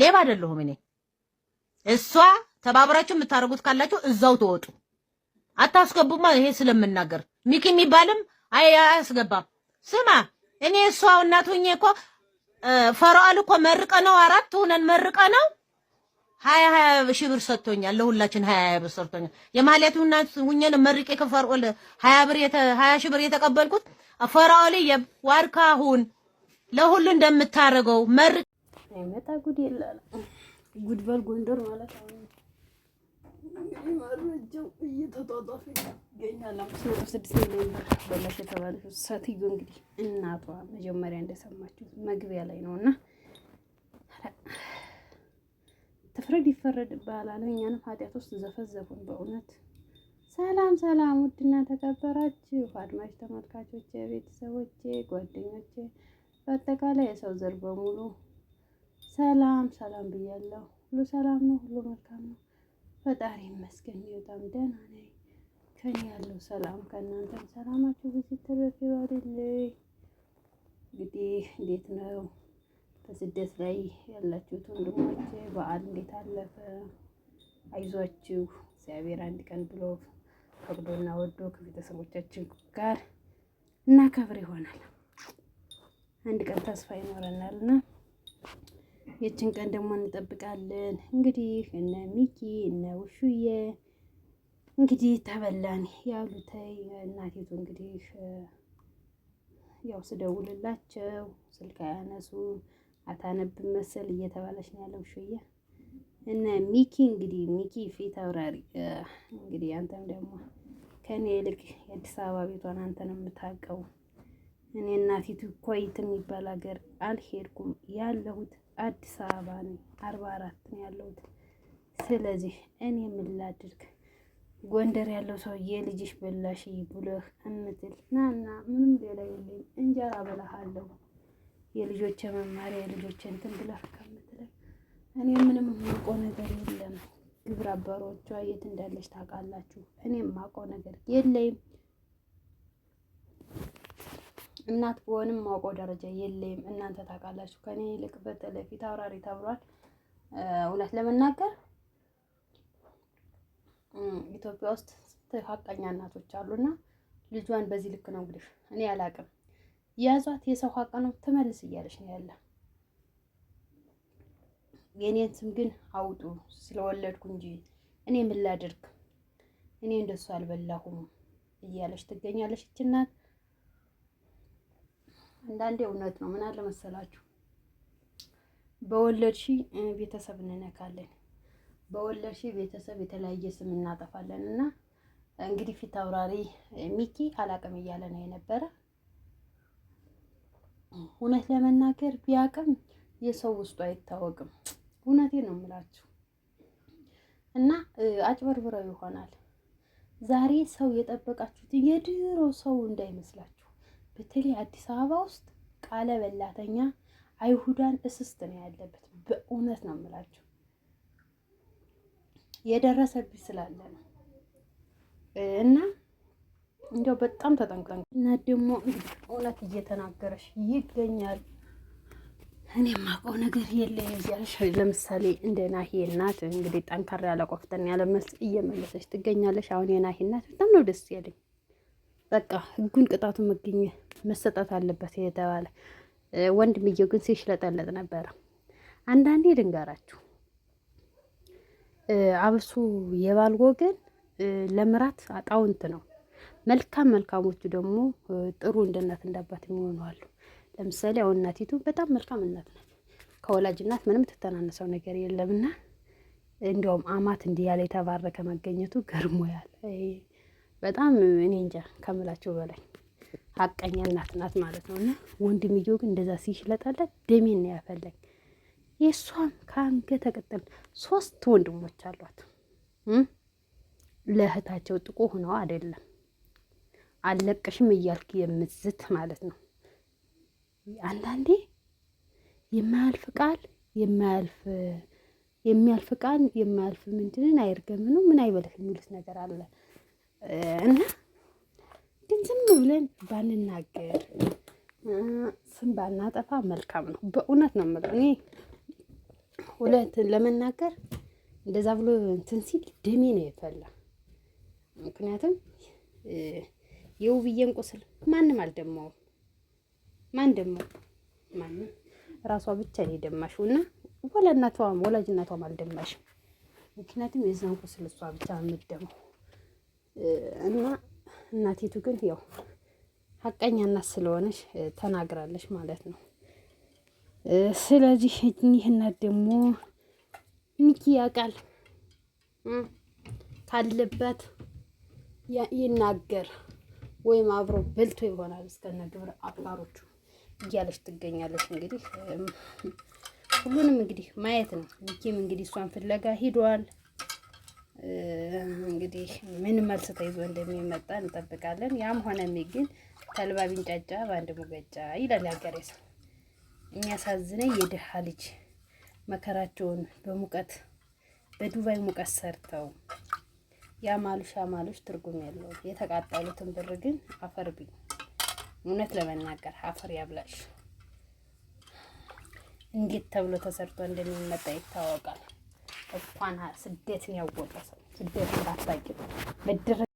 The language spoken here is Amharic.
ሌባ አይደለሁም እኔ። እሷ ተባብራችሁ የምታደርጉት ካላችሁ እዛው ተወጡ። አታስገቡማ። ይሄ ስለምናገር ሚኪ የሚባልም አያስገባም። ስማ እኔ እሷ እናት ሁኜ እኮ ፈርዖን እኮ መርቀ ነው አራት ሁነን መርቀ ነው ሀያ ሀያ ሺህ ብር ሰጥቶኛል። ለሁላችን ሀያ ሀያ ብር ሰጥቶኛል። የማህሌት እናት ሁኜ ነው መርቄ ከፈርዖን ሀያ ብር ሀያ ሺህ ብር የተቀበልኩት። ፈርዖን የዋርካሁን ለሁሉ እንደምታደርገው መር አይመጣ ጉድ የለም። ጉድበል ጎንደር ማለት አሁን እንግዲህ መረጃው እየተጧጧፈ ይገኛል። ስድስት ሚሊዮን ብር በላሽ የተባለችው ሴትዮ እንግዲህ እናቷ መጀመሪያ እንደሰማችሁት መግቢያ ላይ ነው እና ትፍረድ ይፈረድ ባላለ እኛንም ኃጢአት ውስጥ ዘፈዘፉን በእውነት ሰላም ሰላም፣ ውድና ተከበራችሁ አድማጭ ተመልካቾቼ፣ ቤተሰቦቼ፣ ጓደኞቼ በአጠቃላይ የሰው ዘር በሙሉ ሰላም ሰላም ብያለሁ። ሁሉ ሰላም ነው፣ ሁሉ መልካም ነው። ፈጣሪ ይመስገን በጣም ደህና ነኝ። ከኔ ያለው ሰላም ከእናንተም ሰላማችሁ ብዙ ተረፍ ይበልልኝ። እንግዲህ እንዴት ነው በስደት ላይ ያላችሁት ወንድሞቼ፣ በዓል እንዴት አለፈ? አይዟችሁ፣ እግዚአብሔር አንድ ቀን ብሎ ፈቅዶና ወዶ ከቤተሰቦቻችን ጋር እናከብር ይሆናል። አንድ ቀን ተስፋ ይኖረናልና የችን ቀን ደግሞ እንጠብቃለን። እንግዲህ እነ ሚኪ እነ ውሹዬ እንግዲህ ተበላን ያሉተይ እናቴቱ እንግዲህ ያው ስደውልላቸው ስልክ አያነሱ አታነብ መሰል እየተባለች ነው ያለው ውሹዬ እነ ሚኪ እንግዲህ ሚኪ ፊት አውራሪ እንግዲህ አንተም ደግሞ ከእኔ ይልቅ የአዲስ አበባ ቤቷን አንተ ነው የምታውቀው። እኔ እናቲቱ ኮይት የሚባል ሀገር አልሄድኩም። ያለሁት አዲስ አበባ ነው፣ አርባ አራት ነው ያለሁት። ስለዚህ እኔ ምን ላድርግ? ጎንደር ያለው ሰውዬ ልጅሽ በላሽ ብሎህ እምትል ናና፣ ምንም ሌላ የለኝ እንጀራ በላሃለሁ የልጆች መማሪያ የልጆች እንትን ብለህ ከምትለኝ እኔ ምንም የማውቀው ነገር የለም። ግብረ አበሮቿ የት እንዳለች ታውቃላችሁ። እኔ የማቀው ነገር የለይም። እናት ብሆንም ማውቀው ደረጃ የለም። እናንተ ታውቃላችሁ ከኔ ይልቅ በተለይ ፊት አውራሪ ተብሏል። እውነት ለመናገር ኢትዮጵያ ውስጥ ሀቀኛ እናቶች አሉና ልጇን በዚህ ልክ ነው እንግዲህ እኔ አላቅም። ያዟት የሰው ሀቅ ነው ትመልስ እያለች ነው ያለ። የእኔን ስም ግን አውጡ ስለወለድኩ እንጂ እኔ ምን ላድርግ፣ እኔ እንደሱ አልበላሁም እያለች ትገኛለች እናት። አንዳንዴ እውነት ነው። ምን አለ መሰላችሁ በወለድሺ ቤተሰብ እንነካለን፣ በወለድሺ ቤተሰብ የተለያየ ስም እናጠፋለን። እና እንግዲህ ፊት አውራሪ ሚኪ አላቅም እያለ ነው የነበረ። እውነት ለመናገር ቢያቅም የሰው ውስጡ አይታወቅም። እውነቴ ነው የምላችሁ እና አጭበርብረው ይሆናል። ዛሬ ሰው የጠበቃችሁት የድሮ ሰው እንዳይመስላችሁ በተለይ አዲስ አበባ ውስጥ ቃለ በላተኛ አይሁዳን እስስት ነው ያለበት። በእውነት ነው የምላችሁ የደረሰብኝ ስላለ ነው። እና እንደው በጣም ተጠንቀቅ እና ደግሞ እውነት እየተናገረሽ ይገኛል። እኔ የማውቀው ነገር የለ ያልሽ ለምሳሌ እንደ ናሂ እናት እንግዲህ ጠንካራ ያለ ቆፍጠን ያለ መልስ እየመለሰች ትገኛለች። አሁን የናሂ እናት በጣም ነው ደስ ያለኝ። በቃ ህጉን ቅጣቱን መገኘ መሰጠት አለበት የተባለ ወንድምየው ግን ሲሽለጠለጥ ነበረ። አንዳንዴ ድንጋራችሁ አብሱ የባል ወገን ለምራት አጣውንት ነው። መልካም መልካሞቹ ደግሞ ጥሩ እንደ እናት እንዳባት የሚሆኑ አሉ። ለምሳሌ አሁን እናቲቱ በጣም መልካም እናት ናት። ከወላጅ እናት ምንም ትተናነሰው ነገር የለምና እንዲያውም አማት እንዲህ ያለ የተባረከ መገኘቱ ገርሞያል። በጣም እኔ እንጃ ከምላቸው በላይ ሀቀኛ እናት ናት ማለት ነው። እና ወንድምየው ግን እንደዛ ሲሽለጠለት ደሜን ነው ያፈለኝ። የእሷም ከአንገት ተቀጥል ሶስት ወንድሞች አሏት። ለእህታቸው ጥቁ ሆነው አይደለም አለቀሽም እያልክ የምትዝት ማለት ነው። አንዳንዴ የማያልፍ ቃል የማያልፍ የሚያልፍ ቃል የማያልፍ ምንድንን አይርገምኑ ምን አይበልህ የሚሉት ነገር አለ። እና ግን ዝም ብለን ባንናገር ስም ባናጠፋ መልካም ነው። በእውነት ነው የምለው እኔ ሁለት ለመናገር እንደዛ ብሎ እንትን ሲል ደሜ ነው የፈላ። ምክንያቱም የውብዬን ቁስል ማንም አልደማውም። ማን ደማው? ማንም ራሷ ብቻ ነው የደማሽው እና ወላጅ እናቷም አልደማሽም። ምክንያቱም የዛን ቁስል እሷ ብቻ የምትደማው እና እናቲቱ ግን ያው ሀቀኛ እናት ስለሆነች ተናግራለች ማለት ነው። ስለዚህ እኒህ እናት ደግሞ ሚኪ ያውቃል ካለበት ይናገር ወይም አብሮ በልቶ ይሆናል እስከነ ግብረ አባሮቹ እያለች ትገኛለች። እንግዲህ ሁሉንም እንግዲህ ማየት ነው። ሚኪም እንግዲህ እሷን ፍለጋ ሂዷል። እንግዲህ ምን መልስ ተይዞ እንደሚመጣ እንጠብቃለን። ያም ሆነ ግን ተልባ ቢንጫጫ በአንድ ሙገጫ ይላል ያገሬ ሰው። የሚያሳዝነኝ የድሃ ልጅ መከራቸውን በሙቀት በዱባይ ሙቀት ሰርተው ያማሉሽ ያማሉሽ ትርጉም ያለው የተቃጠሉትን ብር ግን አፈር ቢ እውነት ለመናገር አፈር ያብላሽ። እንዴት ተብሎ ተሰርቶ እንደሚመጣ ይታወቃል። እንኳን ስደትን ያወቀ ሰው ስደትን መደረግ